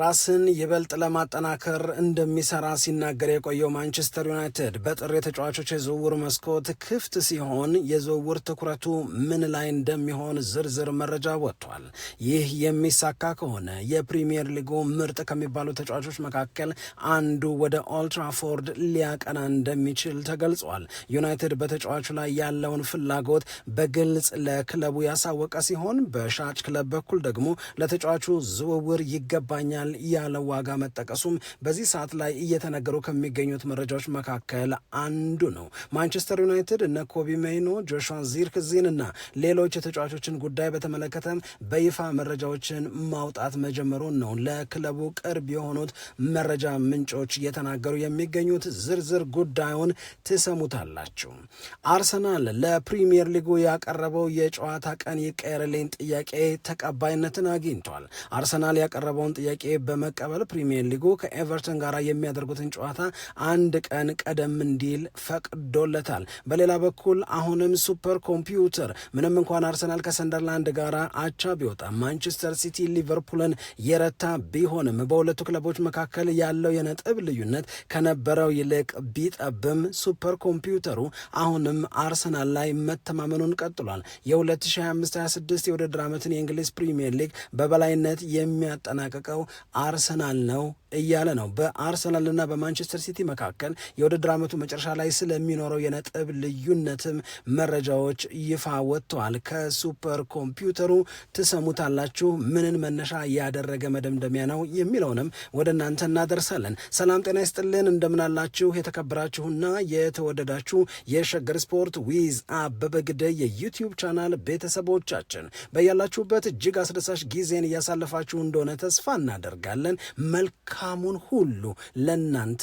ራስን ይበልጥ ለማጠናከር እንደሚሰራ ሲናገር የቆየው ማንቸስተር ዩናይትድ በጥር የተጫዋቾች የዝውውር መስኮት ክፍት ሲሆን የዝውውር ትኩረቱ ምን ላይ እንደሚሆን ዝርዝር መረጃ ወጥቷል። ይህ የሚሳካ ከሆነ የፕሪምየር ሊጉ ምርጥ ከሚባሉ ተጫዋቾች መካከል አንዱ ወደ ኦልትራፎርድ ሊያቀና እንደሚችል ተገልጿል። ዩናይትድ በተጫዋቹ ላይ ያለውን ፍላጎት በግልጽ ለክለቡ ያሳወቀ ሲሆን በሻጭ ክለብ በኩል ደግሞ ለተጫዋቹ ዝውውር ይገባኛል ይገኛል ያለው ዋጋ መጠቀሱም በዚህ ሰዓት ላይ እየተነገሩ ከሚገኙት መረጃዎች መካከል አንዱ ነው። ማንቸስተር ዩናይትድ እነ ኮቢ ሜይኖ፣ ጆሹዋ ዚርክዚን እና ሌሎች የተጫዋቾችን ጉዳይ በተመለከተ በይፋ መረጃዎችን ማውጣት መጀመሩን ነው ለክለቡ ቅርብ የሆኑት መረጃ ምንጮች እየተናገሩ የሚገኙት። ዝርዝር ጉዳዩን ትሰሙታላችሁ። አርሰናል ለፕሪምየር ሊጉ ያቀረበው የጨዋታ ቀን ይቀየርልኝ ጥያቄ ተቀባይነትን አግኝቷል። አርሰናል ያቀረበውን ጥያቄ ነጥብ በመቀበል ፕሪሚየር ሊጉ ከኤቨርተን ጋር የሚያደርጉትን ጨዋታ አንድ ቀን ቀደም እንዲል ፈቅዶለታል። በሌላ በኩል አሁንም ሱፐር ኮምፒውተር ምንም እንኳን አርሰናል ከሰንደርላንድ ጋር አቻ ቢወጣ ማንቸስተር ሲቲ ሊቨርፑልን የረታ ቢሆንም በሁለቱ ክለቦች መካከል ያለው የነጥብ ልዩነት ከነበረው ይልቅ ቢጠብም ሱፐር ኮምፒውተሩ አሁንም አርሰናል ላይ መተማመኑን ቀጥሏል። የ2025/26 የውድድር ዓመትን የእንግሊዝ ፕሪሚየር ሊግ በበላይነት የሚያጠናቅቀው አርሰናል ነው እያለ ነው። በአርሰናልና በማንቸስተር ሲቲ መካከል የውድድር ዓመቱ መጨረሻ ላይ ስለሚኖረው የነጥብ ልዩነትም መረጃዎች ይፋ ወጥተዋል። ከሱፐር ኮምፒውተሩ ትሰሙታላችሁ። ምንን መነሻ ያደረገ መደምደሚያ ነው የሚለውንም ወደ እናንተ እናደርሳለን። ሰላም ጤና ይስጥልን፣ እንደምናላችሁ የተከበራችሁና የተወደዳችሁ የሸገር ስፖርት ዊዝ አበበ ግደይ የዩቲዩብ ቻናል ቤተሰቦቻችን በያላችሁበት እጅግ አስደሳች ጊዜን እያሳለፋችሁ እንደሆነ ተስፋ እናደር እናደርጋለን፣ መልካሙን ሁሉ ለእናንተ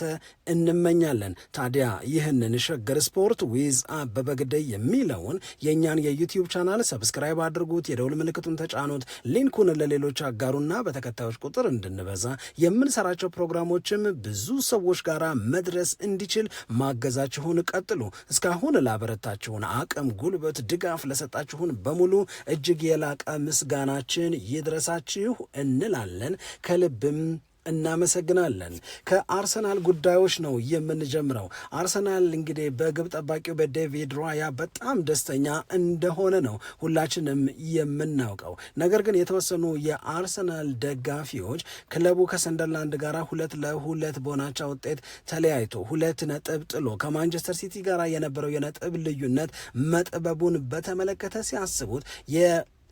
እንመኛለን። ታዲያ ይህንን ሸገር ስፖርት ዊዝ አበበ ግደይ የሚለውን የእኛን የዩቲዩብ ቻናል ሰብስክራይብ አድርጉት፣ የደውል ምልክቱን ተጫኑት፣ ሊንኩን ለሌሎች አጋሩና በተከታዮች ቁጥር እንድንበዛ የምንሰራቸው ፕሮግራሞችም ብዙ ሰዎች ጋር መድረስ እንዲችል ማገዛችሁን ቀጥሉ። እስካሁን ላበረታችሁን አቅም፣ ጉልበት፣ ድጋፍ ለሰጣችሁን በሙሉ እጅግ የላቀ ምስጋናችን ይድረሳችሁ እንላለን። ከልብም እናመሰግናለን። ከአርሰናል ጉዳዮች ነው የምንጀምረው። አርሰናል እንግዲህ በግብ ጠባቂው በዴቪድ ራያ በጣም ደስተኛ እንደሆነ ነው ሁላችንም የምናውቀው። ነገር ግን የተወሰኑ የአርሰናል ደጋፊዎች ክለቡ ከሰንደርላንድ ጋር ሁለት ለሁለት በሆናቻ ውጤት ተለያይቶ ሁለት ነጥብ ጥሎ ከማንቸስተር ሲቲ ጋር የነበረው የነጥብ ልዩነት መጥበቡን በተመለከተ ሲያስቡት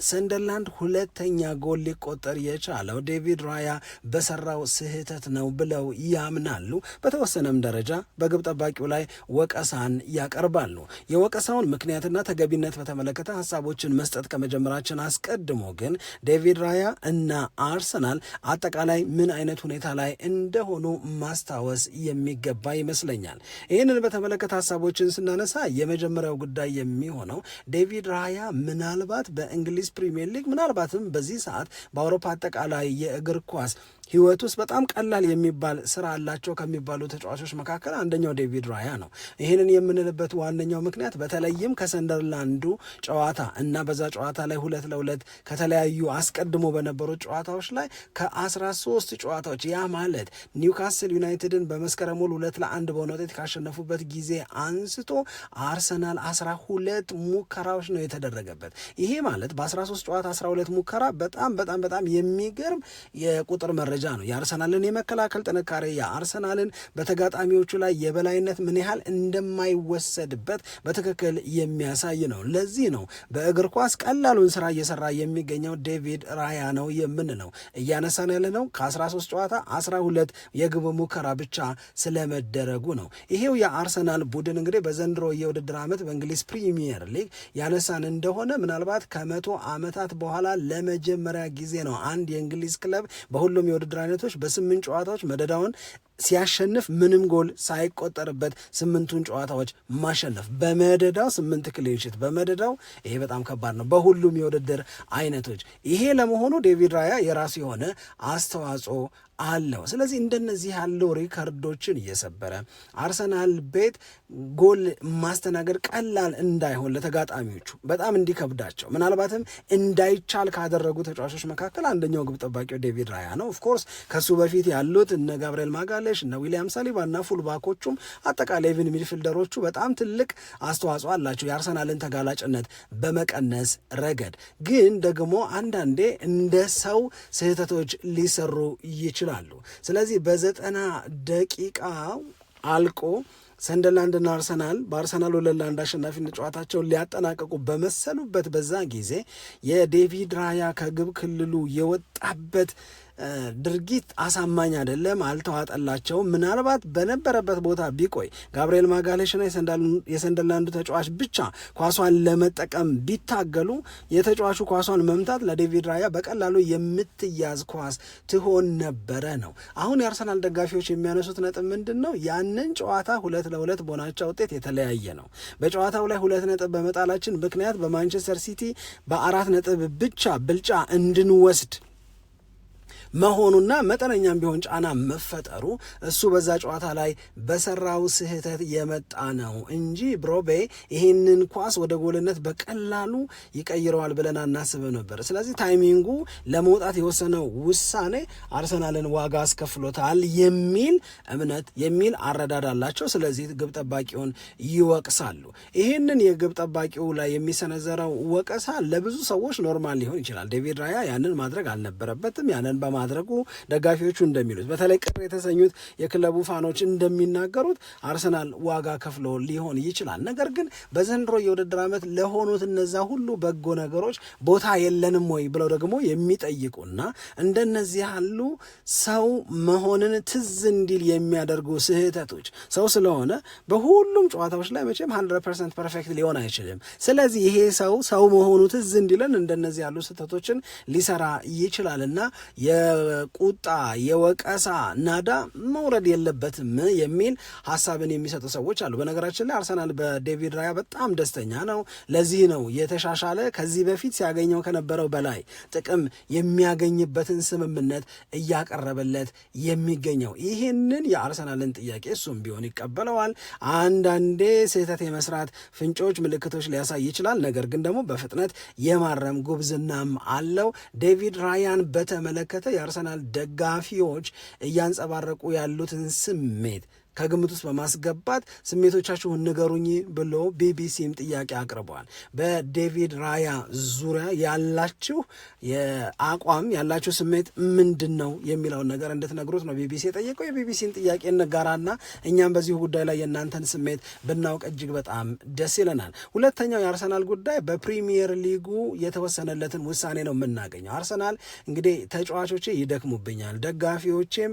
ሰንደርላንድ ሁለተኛ ጎል ሊቆጠር የቻለው ዴቪድ ራያ በሰራው ስህተት ነው ብለው ያምናሉ። በተወሰነም ደረጃ በግብ ጠባቂው ላይ ወቀሳን ያቀርባሉ። የወቀሳውን ምክንያትና ተገቢነት በተመለከተ ሀሳቦችን መስጠት ከመጀመራችን አስቀድሞ ግን ዴቪድ ራያ እና አርሰናል አጠቃላይ ምን አይነት ሁኔታ ላይ እንደሆኑ ማስታወስ የሚገባ ይመስለኛል። ይህንን በተመለከተ ሀሳቦችን ስናነሳ የመጀመሪያው ጉዳይ የሚሆነው ዴቪድ ራያ ምናልባት በእንግሊዝ በእንግሊዝ ፕሪሚየር ሊግ ምናልባትም በዚህ ሰዓት በአውሮፓ አጠቃላይ የእግር ኳስ ህይወት ውስጥ በጣም ቀላል የሚባል ስራ አላቸው ከሚባሉ ተጫዋቾች መካከል አንደኛው ዴቪድ ራያ ነው። ይህንን የምንልበት ዋነኛው ምክንያት በተለይም ከሰንደርላንዱ ጨዋታ እና በዛ ጨዋታ ላይ ሁለት ለሁለት ከተለያዩ አስቀድሞ በነበሩት ጨዋታዎች ላይ ከአስራ ሶስት ጨዋታዎች ያ ማለት ኒውካስል ዩናይትድን በመስከረም ወር ሁለት ለአንድ በሆነ ውጤት ካሸነፉበት ጊዜ አንስቶ አርሰናል አስራ ሁለት ሙከራዎች ነው የተደረገበት። ይሄ ማለት በአስራ ሶስት ጨዋታ አስራ ሁለት ሙከራ በጣም በጣም በጣም የሚገርም የቁጥር መረጃ ደረጃ ነው። የአርሰናልን የመከላከል ጥንካሬ የአርሰናልን በተጋጣሚዎቹ ላይ የበላይነት ምን ያህል እንደማይወሰድበት በትክክል የሚያሳይ ነው። ለዚህ ነው በእግር ኳስ ቀላሉን ስራ እየሰራ የሚገኘው ዴቪድ ራያ ነው የምንለው። እያነሳን ያለ ነው ከ13 ጨዋታ 12 የግብ ሙከራ ብቻ ስለመደረጉ ነው። ይሄው የአርሰናል ቡድን እንግዲህ በዘንድሮ የውድድር ዓመት በእንግሊዝ ፕሪሚየር ሊግ ያነሳን እንደሆነ ምናልባት ከመቶ ዓመታት በኋላ ለመጀመሪያ ጊዜ ነው አንድ የእንግሊዝ ክለብ በሁሉም የውድድር የውድድር አይነቶች በስምንት ጨዋታዎች መደዳውን ሲያሸንፍ ምንም ጎል ሳይቆጠርበት ስምንቱን ጨዋታዎች ማሸነፍ በመደዳው ስምንት ክሊንሽት በመደዳው ይሄ በጣም ከባድ ነው በሁሉም የውድድር አይነቶች። ይሄ ለመሆኑ ዴቪድ ራያ የራሱ የሆነ አስተዋጽኦ አለው። ስለዚህ እንደነዚህ ያለው ሪከርዶችን እየሰበረ አርሰናል ቤት ጎል ማስተናገድ ቀላል እንዳይሆን ለተጋጣሚዎቹ በጣም እንዲከብዳቸው ምናልባትም እንዳይቻል ካደረጉ ተጫዋቾች መካከል አንደኛው ግብ ጠባቂው ዴቪድ ራያ ነው። ኦፍኮርስ ከሱ በፊት ያሉት እነ ጋብርኤል ማጋለ ግሪሊሽ እነ ዊሊያም ሳሊባ እና ፉልባኮቹም አጠቃላይ ኢቭን ሚድፊልደሮቹ በጣም ትልቅ አስተዋጽኦ አላቸው የአርሰናልን ተጋላጭነት በመቀነስ ረገድ። ግን ደግሞ አንዳንዴ እንደ ሰው ስህተቶች ሊሰሩ ይችላሉ። ስለዚህ በዘጠና ደቂቃ አልቆ ሰንደርላንድና አርሰናል በአርሰናል ሁለት ለአንድ አሸናፊነት ጨዋታቸውን ሊያጠናቀቁ በመሰሉበት በዛ ጊዜ የዴቪድ ራያ ከግብ ክልሉ የወጣበት ድርጊት አሳማኝ አይደለም፣ አልተዋጠላቸውም። ምናልባት በነበረበት ቦታ ቢቆይ ጋብርኤል ማጋሌሽና የሰንደርላንዱ ተጫዋች ብቻ ኳሷን ለመጠቀም ቢታገሉ የተጫዋቹ ኳሷን መምታት ለዴቪድ ራያ በቀላሉ የምትያዝ ኳስ ትሆን ነበረ ነው። አሁን የአርሰናል ደጋፊዎች የሚያነሱት ነጥብ ምንድን ነው? ያንን ጨዋታ ሁለት ለሁለት በሆናቻ ውጤት የተለያየ ነው። በጨዋታው ላይ ሁለት ነጥብ በመጣላችን ምክንያት በማንቸስተር ሲቲ በአራት ነጥብ ብቻ ብልጫ እንድንወስድ መሆኑና መጠነኛም ቢሆን ጫና መፈጠሩ እሱ በዛ ጨዋታ ላይ በሰራው ስህተት የመጣ ነው እንጂ ብሮቤ ይህንን ኳስ ወደ ጎልነት በቀላሉ ይቀይረዋል ብለን አናስብ ነበር። ስለዚህ ታይሚንጉ ለመውጣት የወሰነው ውሳኔ አርሰናልን ዋጋ አስከፍሎታል የሚል እምነት የሚል አረዳድ አላቸው። ስለዚህ ግብ ጠባቂውን ይወቅሳሉ። ይህንን የግብ ጠባቂው ላይ የሚሰነዘረው ወቀሳ ለብዙ ሰዎች ኖርማል ሊሆን ይችላል። ዴቪድ ራያ ያንን ማድረግ አልነበረበትም። ያንን በማ በማድረጉ ደጋፊዎቹ እንደሚሉት በተለይ ቅር የተሰኙት የክለቡ ፋኖች እንደሚናገሩት አርሰናል ዋጋ ከፍሎ ሊሆን ይችላል። ነገር ግን በዘንድሮ የውድድር ዓመት ለሆኑት እነዛ ሁሉ በጎ ነገሮች ቦታ የለንም ወይ ብለው ደግሞ የሚጠይቁና እንደነዚህ ያሉ ሰው መሆንን ትዝ እንዲል የሚያደርጉ ስህተቶች ሰው ስለሆነ በሁሉም ጨዋታዎች ላይ መቼም ሀንድረድ ፐርሰንት ፐርፌክት ሊሆን አይችልም። ስለዚህ ይሄ ሰው ሰው መሆኑ ትዝ እንዲለን እንደነዚህ ያሉ ስህተቶችን ሊሰራ ይችላልና የቁጣ የወቀሳ ናዳ መውረድ የለበትም የሚል ሀሳብን የሚሰጡ ሰዎች አሉ። በነገራችን ላይ አርሰናል በዴቪድ ራያ በጣም ደስተኛ ነው። ለዚህ ነው የተሻሻለ ከዚህ በፊት ሲያገኘው ከነበረው በላይ ጥቅም የሚያገኝበትን ስምምነት እያቀረበለት የሚገኘው። ይህንን የአርሰናልን ጥያቄ እሱም ቢሆን ይቀበለዋል። አንዳንዴ ስህተት የመስራት ፍንጮች፣ ምልክቶች ሊያሳይ ይችላል። ነገር ግን ደግሞ በፍጥነት የማረም ጉብዝናም አለው። ዴቪድ ራያን በተመለከተ የአርሰናል ደጋፊዎች እያንጸባረቁ ያሉትን ስሜት ከግምት ውስጥ በማስገባት ስሜቶቻችሁን ንገሩኝ ብሎ ቢቢሲም ጥያቄ አቅርበዋል። በዴቪድ ራያ ዙሪያ ያላችሁ የአቋም ያላችሁ ስሜት ምንድን ነው የሚለውን ነገር እንድትነግሩት ነው ቢቢሲ የጠየቀው። የቢቢሲን ጥያቄ እንጋራና እኛም በዚሁ ጉዳይ ላይ የእናንተን ስሜት ብናውቅ እጅግ በጣም ደስ ይለናል። ሁለተኛው የአርሰናል ጉዳይ በፕሪሚየር ሊጉ የተወሰነለትን ውሳኔ ነው የምናገኘው። አርሰናል እንግዲህ ተጫዋቾቼ ይደክሙብኛል፣ ደጋፊዎቼም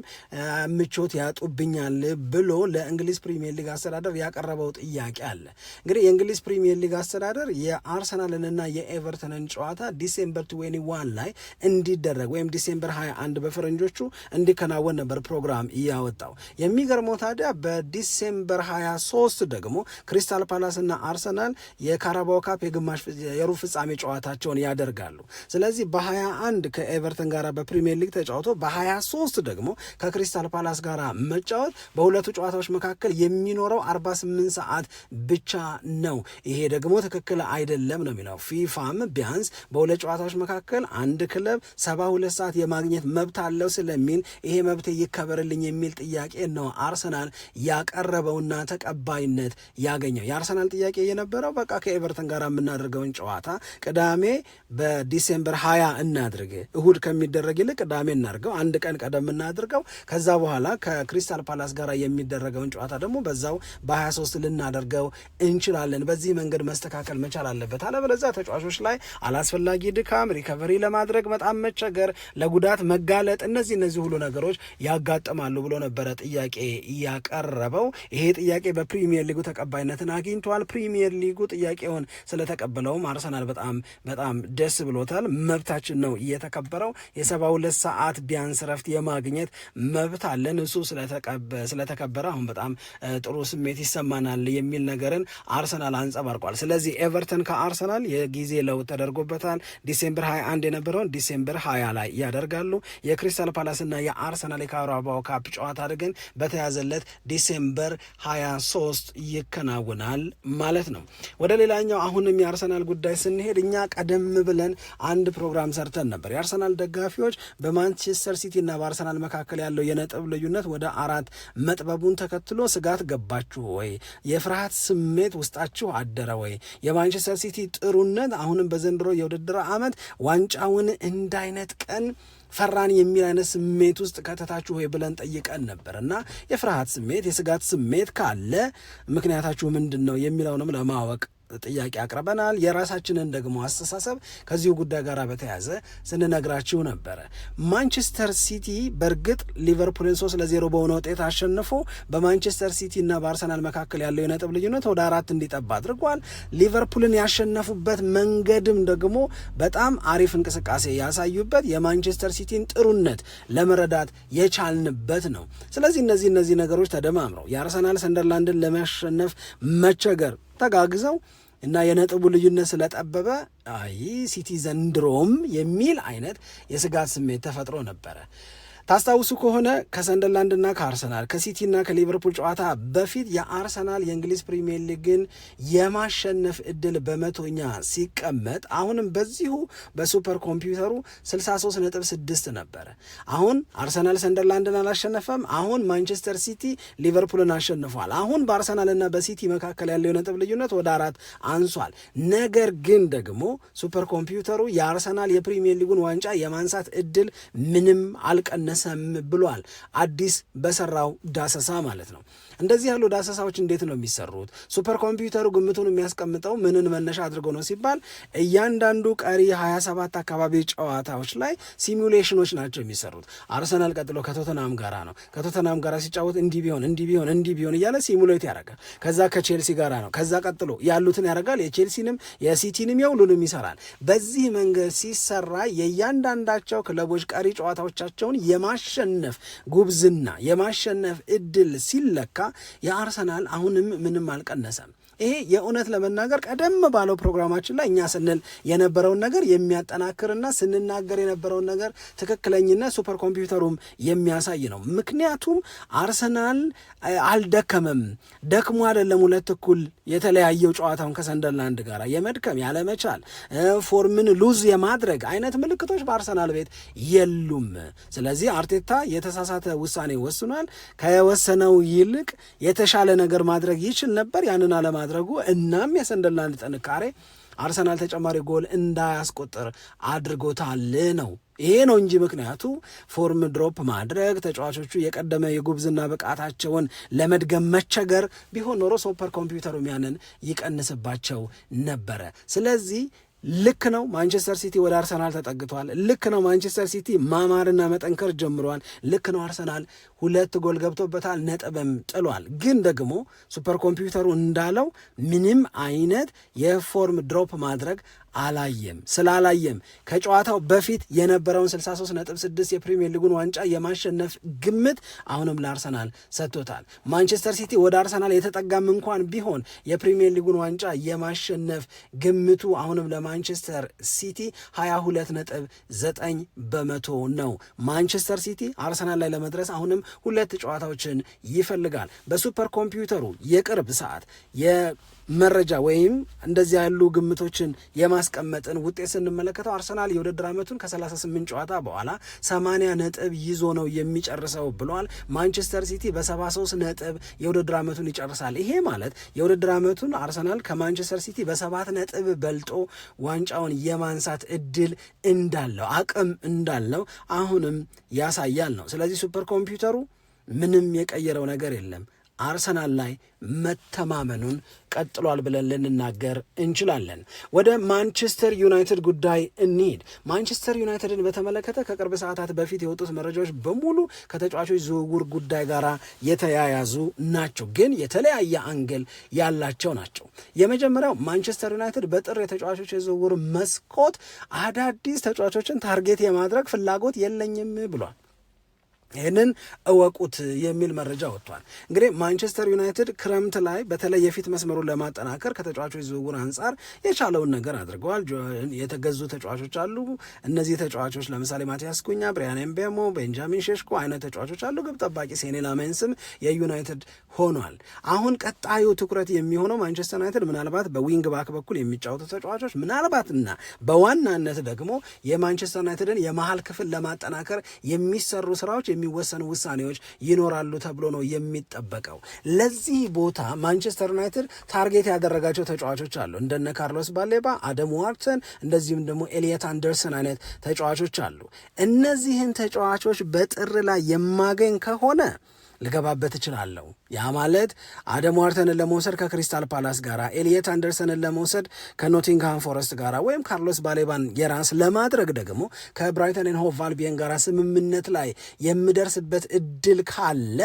ምቾት ያጡብኛል ብሎ ለእንግሊዝ ፕሪሚየር ሊግ አስተዳደር ያቀረበው ጥያቄ አለ። እንግዲህ የእንግሊዝ ፕሪሚየር ሊግ አስተዳደር የአርሰናልንና የኤቨርተንን ጨዋታ ዲሴምበር 21 ላይ እንዲደረግ ወይም ዲሴምበር 21 በፈረንጆቹ እንዲከናወን ነበር ፕሮግራም እያወጣው። የሚገርመው ታዲያ በዲሴምበር 23 ደግሞ ክሪስታል ፓላስና አርሰናል የካራባው ካፕ የግማሽ የሩብ ፍጻሜ ጨዋታቸውን ያደርጋሉ። ስለዚህ በ21 ከኤቨርተን ጋር በፕሪሚየር ሊግ ተጫውቶ በ23 ደግሞ ከክሪስታል ፓላስ ጋር መጫወት በሁለቱ ጨዋታዎች መካከል የሚኖረው 48 ሰዓት ብቻ ነው። ይሄ ደግሞ ትክክል አይደለም ነው የሚለው ፊፋም ቢያንስ በሁለት ጨዋታዎች መካከል አንድ ክለብ 72 ሰዓት የማግኘት መብት አለው ስለሚል ይሄ መብት ይከበርልኝ የሚል ጥያቄ ነው አርሰናል ያቀረበውና ተቀባይነት ያገኘው። የአርሰናል ጥያቄ የነበረው በቃ ከኤቨርተን ጋር የምናደርገውን ጨዋታ ቅዳሜ በዲሴምበር 20 እናድርግ፣ እሁድ ከሚደረግ ይልቅ ቅዳሜ እናድርገው፣ አንድ ቀን ቀደም እናድርገው። ከዛ በኋላ ከክሪስታል ፓላስ ጋር የሚ የሚደረገውን ጨዋታ ደግሞ በዛው በ23 ልናደርገው እንችላለን። በዚህ መንገድ መስተካከል መቻል አለበት። አለበለዚያ ተጫዋቾች ላይ አላስፈላጊ ድካም፣ ሪከቨሪ ለማድረግ በጣም መቸገር፣ ለጉዳት መጋለጥ እነዚህ እነዚህ ሁሉ ነገሮች ያጋጥማሉ ብሎ ነበረ ጥያቄ ያቀረበው። ይሄ ጥያቄ በፕሪሚየር ሊጉ ተቀባይነትን አግኝቷል። ፕሪሚየር ሊጉ ጥያቄውን ስለተቀበለውም አርሰናል በጣም በጣም ደስ ብሎታል። መብታችን ነው እየተከበረው የሰባ ሁለት ሰዓት ቢያንስ ረፍት የማግኘት መብት አለን እሱ ስለተከበረ ነበረ፣ አሁን በጣም ጥሩ ስሜት ይሰማናል የሚል ነገርን አርሰናል አንጸባርቋል። ስለዚህ ኤቨርተን ከአርሰናል የጊዜ ለውጥ ተደርጎበታል። ዲሴምበር 21 የነበረውን ዲሴምበር 20 ላይ ያደርጋሉ። የክሪስታል ፓላስና የአርሰናል የካራባኦ ካፕ ጨዋታ አድርገን በተያዘለት ዲሴምበር 23 ይከናውናል ማለት ነው። ወደ ሌላኛው አሁንም የአርሰናል ጉዳይ ስንሄድ እኛ ቀደም ብለን አንድ ፕሮግራም ሰርተን ነበር። የአርሰናል ደጋፊዎች በማንቸስተር ሲቲ እና በአርሰናል መካከል ያለው የነጥብ ልዩነት ወደ አራት መጥበቡ መጥለቡን ተከትሎ ስጋት ገባችሁ ወይ? የፍርሃት ስሜት ውስጣችሁ አደረ ወይ? የማንቸስተር ሲቲ ጥሩነት አሁንም በዘንድሮ የውድድር ዓመት ዋንጫውን እንዳይነት ቀን ፈራን የሚል አይነት ስሜት ውስጥ ከተታችሁ ወይ ብለን ጠይቀን ነበር እና የፍርሃት ስሜት የስጋት ስሜት ካለ ምክንያታችሁ ምንድን ነው የሚለውንም ለማወቅ ጥያቄ አቅርበናል። የራሳችንን ደግሞ አስተሳሰብ ከዚሁ ጉዳይ ጋር በተያያዘ ስንነግራችሁ ነበረ። ማንቸስተር ሲቲ በእርግጥ ሊቨርፑልን ሶስት ለዜሮ በሆነ ውጤት አሸንፎ በማንቸስተር ሲቲ እና በአርሰናል መካከል ያለው የነጥብ ልዩነት ወደ አራት እንዲጠባ አድርጓል። ሊቨርፑልን ያሸነፉበት መንገድም ደግሞ በጣም አሪፍ እንቅስቃሴ ያሳዩበት የማንቸስተር ሲቲን ጥሩነት ለመረዳት የቻልንበት ነው። ስለዚህ እነዚህ እነዚህ ነገሮች ተደማምረው የአርሰናል ሰንደርላንድን ለማሸነፍ መቸገር ተጋግዘው እና የነጥቡ ልዩነት ስለጠበበ አይ ሲቲ ዘንድሮም የሚል አይነት የስጋት ስሜት ተፈጥሮ ነበረ። ታስታውሱ ከሆነ ከሰንደርላንድና ከአርሰናል ከሲቲና ከሊቨርፑል ጨዋታ በፊት የአርሰናል የእንግሊዝ ፕሪሚየር ሊግን የማሸነፍ እድል በመቶኛ ሲቀመጥ አሁንም በዚሁ በሱፐር ኮምፒውተሩ 63.6 ነበረ። አሁን አርሰናል ሰንደርላንድን አላሸነፈም። አሁን ማንቸስተር ሲቲ ሊቨርፑልን አሸንፏል። አሁን በአርሰናልና በሲቲ መካከል ያለው ነጥብ ልዩነት ወደ አራት አንሷል። ነገር ግን ደግሞ ሱፐር ኮምፒውተሩ የአርሰናል የፕሪሚየር ሊጉን ዋንጫ የማንሳት እድል ምንም አልቀነ አነሰም ብሏል። አዲስ በሰራው ዳሰሳ ማለት ነው። እንደዚህ ያሉ ዳሰሳዎች እንዴት ነው የሚሰሩት? ሱፐር ኮምፒውተሩ ግምቱን የሚያስቀምጠው ምንን መነሻ አድርጎ ነው ሲባል እያንዳንዱ ቀሪ 27 አካባቢ ጨዋታዎች ላይ ሲሚሌሽኖች ናቸው የሚሰሩት። አርሰናል ቀጥሎ ከቶተናም ጋራ ነው። ከቶተናም ጋራ ሲጫወት እንዲህ ቢሆን እንዲህ ቢሆን እንዲህ ቢሆን እያለ ሲሙሌት ያደርጋል። ከዛ ከቼልሲ ጋራ ነው። ከዛ ቀጥሎ ያሉትን ያደርጋል። የቼልሲንም የሲቲንም የሁሉንም ይሰራል። በዚህ መንገድ ሲሰራ የእያንዳንዳቸው ክለቦች ቀሪ ጨዋታዎቻቸውን የማሸነፍ ጉብዝና የማሸነፍ እድል ሲለካ የአርሰናል አሁንም ምንም አልቀነሰም። ይሄ የእውነት ለመናገር ቀደም ባለው ፕሮግራማችን ላይ እኛ ስንል የነበረውን ነገር የሚያጠናክርና ስንናገር የነበረውን ነገር ትክክለኝነት ሱፐር ኮምፒውተሩም የሚያሳይ ነው። ምክንያቱም አርሰናል አልደከመም። ደክሞ አይደለም ሁለት እኩል የተለያየው ጨዋታውን ከሰንደርላንድ ጋር የመድከም ያለመቻል፣ ፎርምን ሉዝ የማድረግ አይነት ምልክቶች በአርሰናል ቤት የሉም። ስለዚህ አርቴታ የተሳሳተ ውሳኔ ወስኗል። ከወሰነው ይልቅ የተሻለ ነገር ማድረግ ይችል ነበር ያንን አለማ ማድረጉ እናም የሰንደርላንድ ጥንካሬ አርሰናል ተጨማሪ ጎል እንዳያስቆጥር አድርጎታል ነው። ይሄ ነው እንጂ ምክንያቱ ፎርም ድሮፕ ማድረግ ተጫዋቾቹ የቀደመ የጉብዝና ብቃታቸውን ለመድገም መቸገር ቢሆን ኖሮ ሱፐር ኮምፒውተሩም ያንን ይቀንስባቸው ነበረ። ስለዚህ ልክ ነው። ማንቸስተር ሲቲ ወደ አርሰናል ተጠግቷል። ልክ ነው። ማንቸስተር ሲቲ ማማርና መጠንከር ጀምሯል። ልክ ነው። አርሰናል ሁለት ጎል ገብቶበታል፣ ነጥብም ጥሏል። ግን ደግሞ ሱፐር ኮምፒውተሩ እንዳለው ምንም አይነት የፎርም ድሮፕ ማድረግ አላየም። ስላላየም ከጨዋታው በፊት የነበረውን 63.6 የፕሪሚየር ሊጉን ዋንጫ የማሸነፍ ግምት አሁንም ለአርሰናል ሰጥቶታል። ማንቸስተር ሲቲ ወደ አርሰናል የተጠጋም እንኳን ቢሆን የፕሪሚየር ሊጉን ዋንጫ የማሸነፍ ግምቱ አሁንም ለማንቸስተር ሲቲ 22.9 በመቶ ነው። ማንቸስተር ሲቲ አርሰናል ላይ ለመድረስ አሁንም ሁለት ጨዋታዎችን ይፈልጋል። በሱፐር ኮምፒውተሩ የቅርብ ሰዓት መረጃ ወይም እንደዚህ ያሉ ግምቶችን የማስቀመጥን ውጤት ስንመለከተው አርሰናል የውድድር ዓመቱን ከ38 ጨዋታ በኋላ 80 ነጥብ ይዞ ነው የሚጨርሰው ብለዋል። ማንቸስተር ሲቲ በ73 ነጥብ የውድድር ዓመቱን ይጨርሳል። ይሄ ማለት የውድድር ዓመቱን አርሰናል ከማንቸስተር ሲቲ በሰባት ነጥብ በልጦ ዋንጫውን የማንሳት እድል እንዳለው አቅም እንዳለው አሁንም ያሳያል ነው። ስለዚህ ሱፐር ኮምፒውተሩ ምንም የቀየረው ነገር የለም። አርሰናል ላይ መተማመኑን ቀጥሏል ብለን ልንናገር እንችላለን። ወደ ማንቸስተር ዩናይትድ ጉዳይ እንሂድ። ማንቸስተር ዩናይትድን በተመለከተ ከቅርብ ሰዓታት በፊት የወጡት መረጃዎች በሙሉ ከተጫዋቾች ዝውውር ጉዳይ ጋር የተያያዙ ናቸው፣ ግን የተለያየ አንግል ያላቸው ናቸው። የመጀመሪያው ማንቸስተር ዩናይትድ በጥር የተጫዋቾች የዝውውር መስኮት አዳዲስ ተጫዋቾችን ታርጌት የማድረግ ፍላጎት የለኝም ብሏል። ይህንን እወቁት የሚል መረጃ ወጥቷል። እንግዲህ ማንቸስተር ዩናይትድ ክረምት ላይ በተለይ የፊት መስመሩን ለማጠናከር ከተጫዋቾች ዝውውር አንጻር የቻለውን ነገር አድርገዋል። የተገዙ ተጫዋቾች አሉ። እነዚህ ተጫዋቾች ለምሳሌ ማቲያስ ኩኛ፣ ብሪያን ኤምቤሞ፣ ቤንጃሚን ሼሽኮ አይነት ተጫዋቾች አሉ። ግብ ጠባቂ ሴኒ ላሜንስም የዩናይትድ ሆኗል። አሁን ቀጣዩ ትኩረት የሚሆነው ማንቸስተር ዩናይትድ ምናልባት በዊንግ ባክ በኩል የሚጫወቱ ተጫዋቾች ምናልባትና በዋናነት ደግሞ የማንቸስተር ዩናይትድን የመሀል ክፍል ለማጠናከር የሚሰሩ ስራዎች የሚወሰኑ ውሳኔዎች ይኖራሉ ተብሎ ነው የሚጠበቀው። ለዚህ ቦታ ማንቸስተር ዩናይትድ ታርጌት ያደረጋቸው ተጫዋቾች አሉ። እንደነ ካርሎስ ባሌባ፣ አደም ዋርተን እንደዚሁም ደግሞ ኤልየት አንደርሰን አይነት ተጫዋቾች አሉ። እነዚህን ተጫዋቾች በጥር ላይ የማገኝ ከሆነ ልገባበት እችላለሁ። ያ ማለት አደም ዋርተንን ለመውሰድ ከክሪስታል ፓላስ ጋር ኤልየት አንደርሰንን ለመውሰድ ከኖቲንግሃም ፎረስት ጋር ወይም ካርሎስ ባሌባን የራስ ለማድረግ ደግሞ ከብራይተን ኤንድ ሆቭ አልቢየን ጋር ስምምነት ላይ የምደርስበት እድል ካለ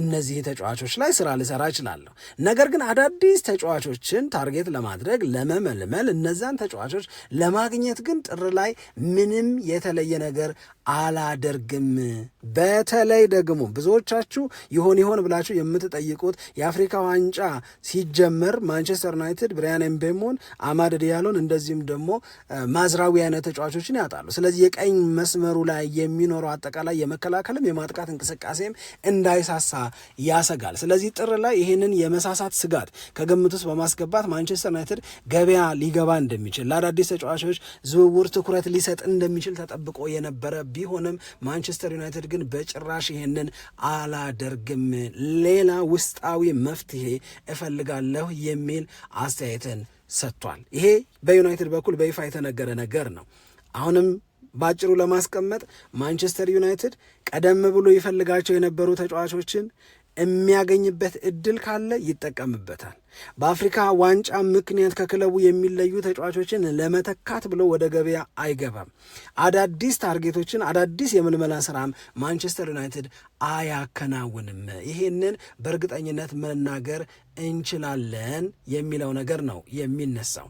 እነዚህ ተጫዋቾች ላይ ስራ ልሰራ እችላለሁ። ነገር ግን አዳዲስ ተጫዋቾችን ታርጌት ለማድረግ ለመመልመል፣ እነዛን ተጫዋቾች ለማግኘት ግን ጥር ላይ ምንም የተለየ ነገር አላደርግም። በተለይ ደግሞ ብዙዎቻችሁ ይሆን ይሆን ብላችሁ የምትጠይቁት የአፍሪካ ዋንጫ ሲጀመር ማንቸስተር ዩናይትድ ብሪያን ኤምቤሞን፣ አማድ ዲያሎን እንደዚህም ደግሞ ማዝራዊ አይነት ተጫዋቾችን ያጣሉ። ስለዚህ የቀኝ መስመሩ ላይ የሚኖረው አጠቃላይ የመከላከልም የማጥቃት እንቅስቃሴም እንዳይሳሳ ያሰጋል። ስለዚህ ጥር ላይ ይህንን የመሳሳት ስጋት ከግምት ውስጥ በማስገባት ማንቸስተር ዩናይትድ ገበያ ሊገባ እንደሚችል ለአዳዲስ ተጫዋቾች ዝውውር ትኩረት ሊሰጥ እንደሚችል ተጠብቆ የነበረ ቢሆንም ማንቸስተር ዩናይትድ ግን በጭራሽ ይህንን አላደርግም ሌላ ሌላ ውስጣዊ መፍትሄ እፈልጋለሁ የሚል አስተያየትን ሰጥቷል። ይሄ በዩናይትድ በኩል በይፋ የተነገረ ነገር ነው። አሁንም በአጭሩ ለማስቀመጥ ማንቸስተር ዩናይትድ ቀደም ብሎ ይፈልጋቸው የነበሩ ተጫዋቾችን የሚያገኝበት እድል ካለ ይጠቀምበታል። በአፍሪካ ዋንጫ ምክንያት ከክለቡ የሚለዩ ተጫዋቾችን ለመተካት ብሎ ወደ ገበያ አይገባም። አዳዲስ ታርጌቶችን፣ አዳዲስ የምልመላ ስራም ማንቸስተር ዩናይትድ አያከናውንም። ይሄንን በእርግጠኝነት መናገር እንችላለን የሚለው ነገር ነው የሚነሳው።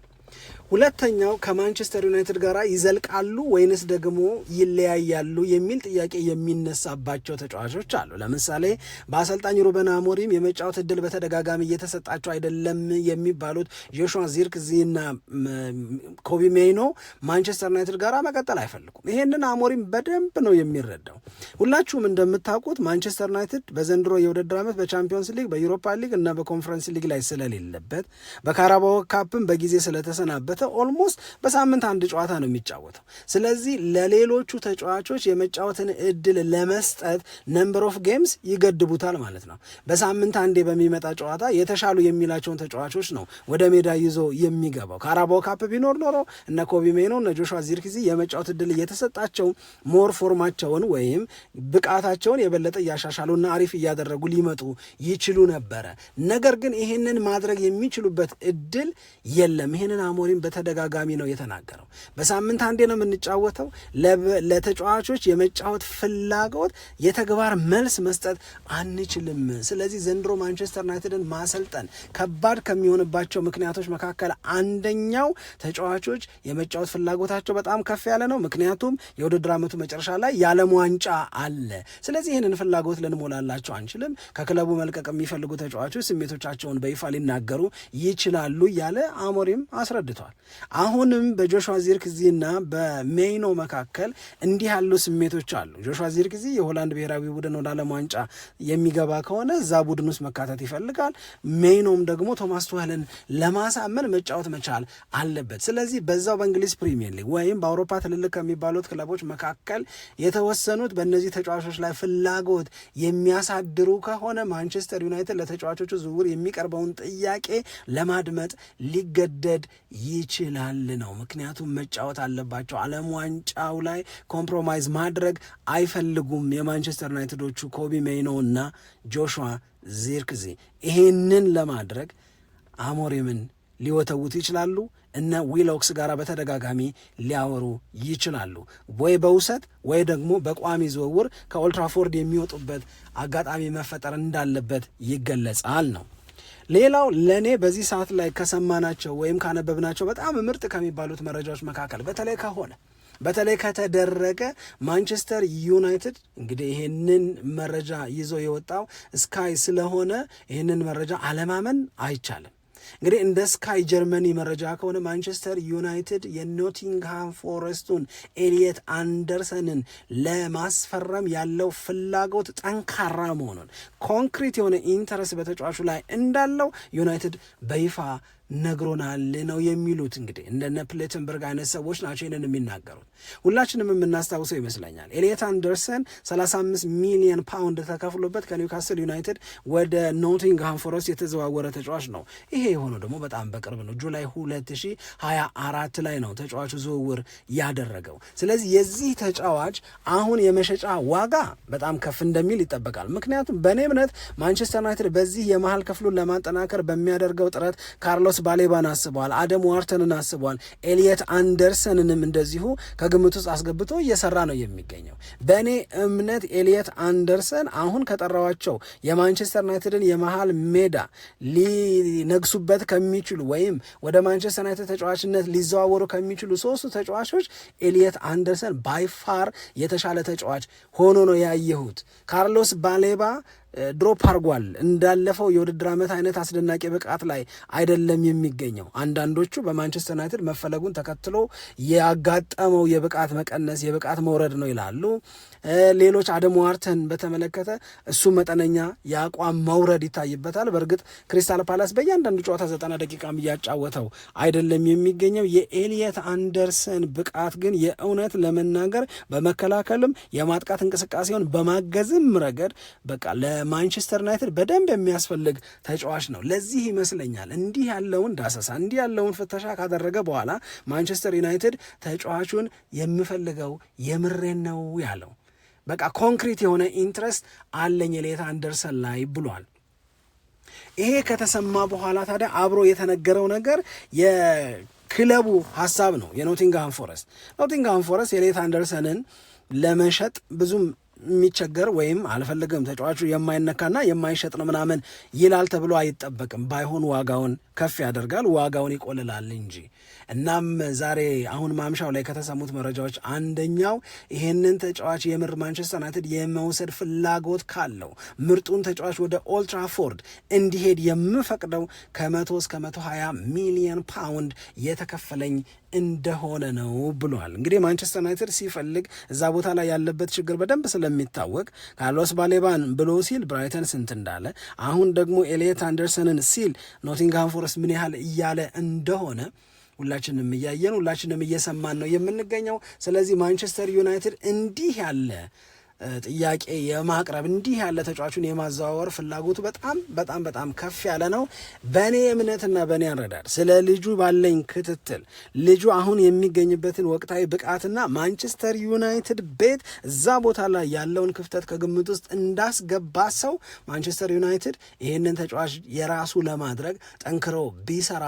ሁለተኛው ከማንቸስተር ዩናይትድ ጋር ይዘልቃሉ ወይንስ ደግሞ ይለያያሉ የሚል ጥያቄ የሚነሳባቸው ተጫዋቾች አሉ። ለምሳሌ በአሰልጣኝ ሩበን አሞሪም የመጫወት እድል በተደጋጋሚ እየተሰጣቸው አይደለም የሚባሉት ጆሹዋ ዚርክዚና ኮቢ ሜይኖ ማንቸስተር ዩናይትድ ጋር መቀጠል አይፈልጉም። ይሄንን አሞሪም በደንብ ነው የሚረዳው። ሁላችሁም እንደምታውቁት ማንቸስተር ዩናይትድ በዘንድሮ የውድድር ዓመት በቻምፒዮንስ ሊግ፣ በዩሮፓ ሊግ እና በኮንፈረንስ ሊግ ላይ ስለሌለበት በካራባዎ ካፕም በጊዜ ስለተሰናበት የተጫወተው ኦልሞስት በሳምንት አንድ ጨዋታ ነው የሚጫወተው። ስለዚህ ለሌሎቹ ተጫዋቾች የመጫወትን እድል ለመስጠት ነምበር ኦፍ ጌምስ ይገድቡታል ማለት ነው። በሳምንት አንዴ በሚመጣ ጨዋታ የተሻሉ የሚላቸውን ተጫዋቾች ነው ወደ ሜዳ ይዞ የሚገባው። ካራባው ካፕ ቢኖር ኖሮ እነ ኮቢ ሜኖ እነ ጆሹዋ ዚርክዚ የመጫወት እድል እየተሰጣቸው ሞር ፎርማቸውን ወይም ብቃታቸውን የበለጠ እያሻሻሉና አሪፍ እያደረጉ ሊመጡ ይችሉ ነበረ። ነገር ግን ይህንን ማድረግ የሚችሉበት እድል የለም። ይህንን አሞሪም በተደጋጋሚ ነው የተናገረው። በሳምንት አንዴ ነው የምንጫወተው። ለተጫዋቾች የመጫወት ፍላጎት የተግባር መልስ መስጠት አንችልም። ስለዚህ ዘንድሮ ማንቸስተር ዩናይትድን ማሰልጠን ከባድ ከሚሆንባቸው ምክንያቶች መካከል አንደኛው ተጫዋቾች የመጫወት ፍላጎታቸው በጣም ከፍ ያለ ነው። ምክንያቱም የውድድር አመቱ መጨረሻ ላይ የዓለም ዋንጫ አለ። ስለዚህ ይህንን ፍላጎት ልንሞላላቸው አንችልም። ከክለቡ መልቀቅ የሚፈልጉ ተጫዋቾች ስሜቶቻቸውን በይፋ ሊናገሩ ይችላሉ እያለ አሞሪም አስረድቷል። አሁንም በጆሹዋ ዚርክዚና በሜይኖ መካከል እንዲህ ያሉ ስሜቶች አሉ። ጆሹዋ ዚርክዚ የሆላንድ ብሔራዊ ቡድን ወደ ዓለም ዋንጫ የሚገባ ከሆነ እዛ ቡድን ውስጥ መካተት ይፈልጋል። ሜይኖም ደግሞ ቶማስ ቱሄልን ለማሳመን መጫወት መቻል አለበት። ስለዚህ በዛው በእንግሊዝ ፕሪሚየር ሊግ ወይም በአውሮፓ ትልልቅ ከሚባሉት ክለቦች መካከል የተወሰኑት በእነዚህ ተጫዋቾች ላይ ፍላጎት የሚያሳድሩ ከሆነ ማንቸስተር ዩናይትድ ለተጫዋቾቹ ዝውውር የሚቀርበውን ጥያቄ ለማድመጥ ሊገደድ ይ ይችላል ነው። ምክንያቱም መጫወት አለባቸው። ዓለም ዋንጫው ላይ ኮምፕሮማይዝ ማድረግ አይፈልጉም የማንቸስተር ዩናይትዶቹ ኮቢ ሜይኖ እና ጆሹዋ ዚርክዚ። ይሄንን ለማድረግ አሞሪምን ሊወተውት ይችላሉ። እነ ዊሎክስ ጋር በተደጋጋሚ ሊያወሩ ይችላሉ። ወይ በውሰት ወይ ደግሞ በቋሚ ዝውውር ከኦልትራፎርድ የሚወጡበት አጋጣሚ መፈጠር እንዳለበት ይገለጻል ነው ሌላው ለእኔ በዚህ ሰዓት ላይ ከሰማናቸው ወይም ካነበብናቸው በጣም ምርጥ ከሚባሉት መረጃዎች መካከል በተለይ ከሆነ በተለይ ከተደረገ ማንቸስተር ዩናይትድ እንግዲህ ይህንን መረጃ ይዞ የወጣው ስካይ ስለሆነ ይህንን መረጃ አለማመን አይቻልም። እንግዲህ እንደ ስካይ ጀርመኒ መረጃ ከሆነ ማንቸስተር ዩናይትድ የኖቲንግሃም ፎረስቱን ኤሊየት አንደርሰንን ለማስፈረም ያለው ፍላጎት ጠንካራ መሆኑን ኮንክሪት የሆነ ኢንተረስት በተጫዋቹ ላይ እንዳለው ዩናይትድ በይፋ ነግሮናል ነው የሚሉት። እንግዲህ እንደነ ፕሌተንበርግ አይነት ሰዎች ናቸው ይንን የሚናገሩት። ሁላችንም የምናስታውሰው ይመስለኛል ኤልየት አንደርሰን 35 ሚሊዮን ፓውንድ ተከፍሎበት ከኒውካስል ዩናይትድ ወደ ኖቲንግሃም ፎረስት የተዘዋወረ ተጫዋች ነው። ይሄ የሆነው ደግሞ በጣም በቅርብ ነው። ጁላይ 2024 ላይ ነው ተጫዋቹ ዝውውር ያደረገው። ስለዚህ የዚህ ተጫዋች አሁን የመሸጫ ዋጋ በጣም ከፍ እንደሚል ይጠበቃል። ምክንያቱም በእኔ እምነት ማንቸስተር ዩናይትድ በዚህ የመሀል ክፍሉን ለማጠናከር በሚያደርገው ጥረት ካርሎ ኒኮስ ባሌባን አስበዋል። አደም ዋርተንን አስበዋል። ኤልየት አንደርሰንንም እንደዚሁ ከግምት ውስጥ አስገብቶ እየሰራ ነው የሚገኘው። በእኔ እምነት ኤልየት አንደርሰን አሁን ከጠራዋቸው የማንቸስተር ዩናይትድን የመሃል ሜዳ ሊነግሱበት ከሚችሉ ወይም ወደ ማንቸስተር ዩናይትድ ተጫዋችነት ሊዘዋወሩ ከሚችሉ ሶስቱ ተጫዋቾች ኤልየት አንደርሰን ባይፋር የተሻለ ተጫዋች ሆኖ ነው ያየሁት። ካርሎስ ባሌባ ድሮፕ አርጓል። እንዳለፈው የውድድር ዓመት አይነት አስደናቂ ብቃት ላይ አይደለም የሚገኘው። አንዳንዶቹ በማንቸስተር ዩናይትድ መፈለጉን ተከትሎ ያጋጠመው የብቃት መቀነስ፣ የብቃት መውረድ ነው ይላሉ። ሌሎች አደም ዋርተን በተመለከተ እሱ መጠነኛ የአቋም መውረድ ይታይበታል። በእርግጥ ክሪስታል ፓላስ በእያንዳንዱ ጨዋታ ዘጠና ደቂቃም እያጫወተው አይደለም የሚገኘው። የኤልየት አንደርሰን ብቃት ግን የእውነት ለመናገር በመከላከልም የማጥቃት እንቅስቃሴውን በማገዝም ረገድ በቃ ለማንቸስተር ዩናይትድ በደንብ የሚያስፈልግ ተጫዋች ነው። ለዚህ ይመስለኛል እንዲህ ያለውን ዳሰሳ እንዲህ ያለውን ፍተሻ ካደረገ በኋላ ማንቸስተር ዩናይትድ ተጫዋቹን የምፈልገው የምሬን ነው ያለው። በቃ ኮንክሪት የሆነ ኢንትረስት አለኝ ሌታ አንደርሰን ላይ ብሏል። ይሄ ከተሰማ በኋላ ታዲያ አብሮ የተነገረው ነገር የክለቡ ሀሳብ ነው። የኖቲንግሃም ፎረስት ኖቲንግሃም ፎረስት የሌት አንደርሰንን ለመሸጥ ብዙም የሚቸገር ወይም አልፈልግም ተጫዋቹ የማይነካና የማይሸጥ ነው ምናምን ይላል ተብሎ አይጠበቅም። ባይሆን ዋጋውን ከፍ ያደርጋል፣ ዋጋውን ይቆልላል እንጂ። እናም ዛሬ አሁን ማምሻው ላይ ከተሰሙት መረጃዎች አንደኛው ይህንን ተጫዋች የምር ማንቸስተር ዩናይትድ የመውሰድ ፍላጎት ካለው ምርጡን ተጫዋች ወደ ኦልትራፎርድ እንዲሄድ የምፈቅደው ከመቶ እስከ መቶ ሀያ ሚሊዮን ፓውንድ የተከፈለኝ እንደሆነ ነው ብሏል። እንግዲህ ማንቸስተር ዩናይትድ ሲፈልግ እዛ ቦታ ላይ ያለበት ችግር በደንብ ስለሚታወቅ ካርሎስ ባሌባን ብሎ ሲል ብራይተን ስንት እንዳለ አሁን ደግሞ ኤሌት አንደርሰንን ሲል ኖቲንግሃም ጳውሎስ ምን ያህል እያለ እንደሆነ ሁላችንም እያየን ሁላችንም እየሰማን ነው የምንገኘው። ስለዚህ ማንቸስተር ዩናይትድ እንዲህ ያለ ጥያቄ የማቅረብ እንዲህ ያለ ተጫዋቹን የማዘዋወር ፍላጎቱ በጣም በጣም በጣም ከፍ ያለ ነው። በእኔ እምነትና በእኔ አረዳድ ስለ ልጁ ባለኝ ክትትል ልጁ አሁን የሚገኝበትን ወቅታዊ ብቃትና ማንቸስተር ዩናይትድ ቤት እዛ ቦታ ላይ ያለውን ክፍተት ከግምት ውስጥ እንዳስገባ ሰው ማንቸስተር ዩናይትድ ይህንን ተጫዋች የራሱ ለማድረግ ጠንክሮ ቢሰራ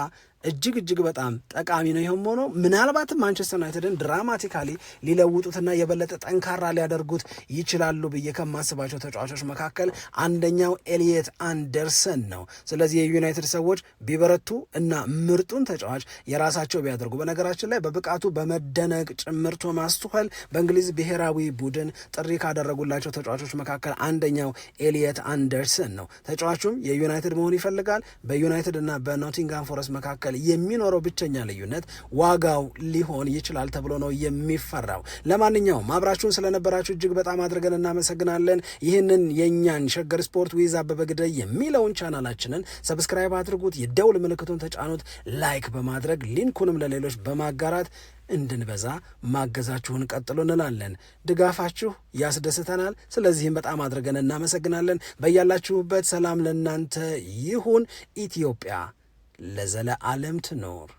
እጅግ እጅግ በጣም ጠቃሚ ነው። ይህም ሆኖ ምናልባትም ማንቸስተር ዩናይትድን ድራማቲካሊ ሊለውጡትና የበለጠ ጠንካራ ሊያደርጉት ይችላሉ ብዬ ከማስባቸው ተጫዋቾች መካከል አንደኛው ኤልየት አንደርሰን ነው። ስለዚህ የዩናይትድ ሰዎች ቢበረቱ እና ምርጡን ተጫዋች የራሳቸው ቢያደርጉ በነገራችን ላይ በብቃቱ በመደነቅ ጭምር ቶማስ ቱኸል በእንግሊዝ ብሔራዊ ቡድን ጥሪ ካደረጉላቸው ተጫዋቾች መካከል አንደኛው ኤልየት አንደርሰን ነው። ተጫዋቹም የዩናይትድ መሆን ይፈልጋል። በዩናይትድ እና በኖቲንግሃም ፎረስት መካከል የሚኖረው ብቸኛ ልዩነት ዋጋው ሊሆን ይችላል ተብሎ ነው የሚፈራው። ለማንኛውም አብራችሁን ስለነበራችሁ እጅግ በጣም አድርገን እናመሰግናለን። ይህንን የእኛን ሸገር ስፖርት ዊዝ አበበ ግደይ የሚለውን ቻናላችንን ሰብስክራይብ አድርጉት፣ የደውል ምልክቱን ተጫኑት፣ ላይክ በማድረግ ሊንኩንም ለሌሎች በማጋራት እንድንበዛ ማገዛችሁን ቀጥሎ እንላለን። ድጋፋችሁ ያስደስተናል። ስለዚህም በጣም አድርገን እናመሰግናለን። በያላችሁበት ሰላም ለእናንተ ይሁን። ኢትዮጵያ ለዘለዓለም ትኖር።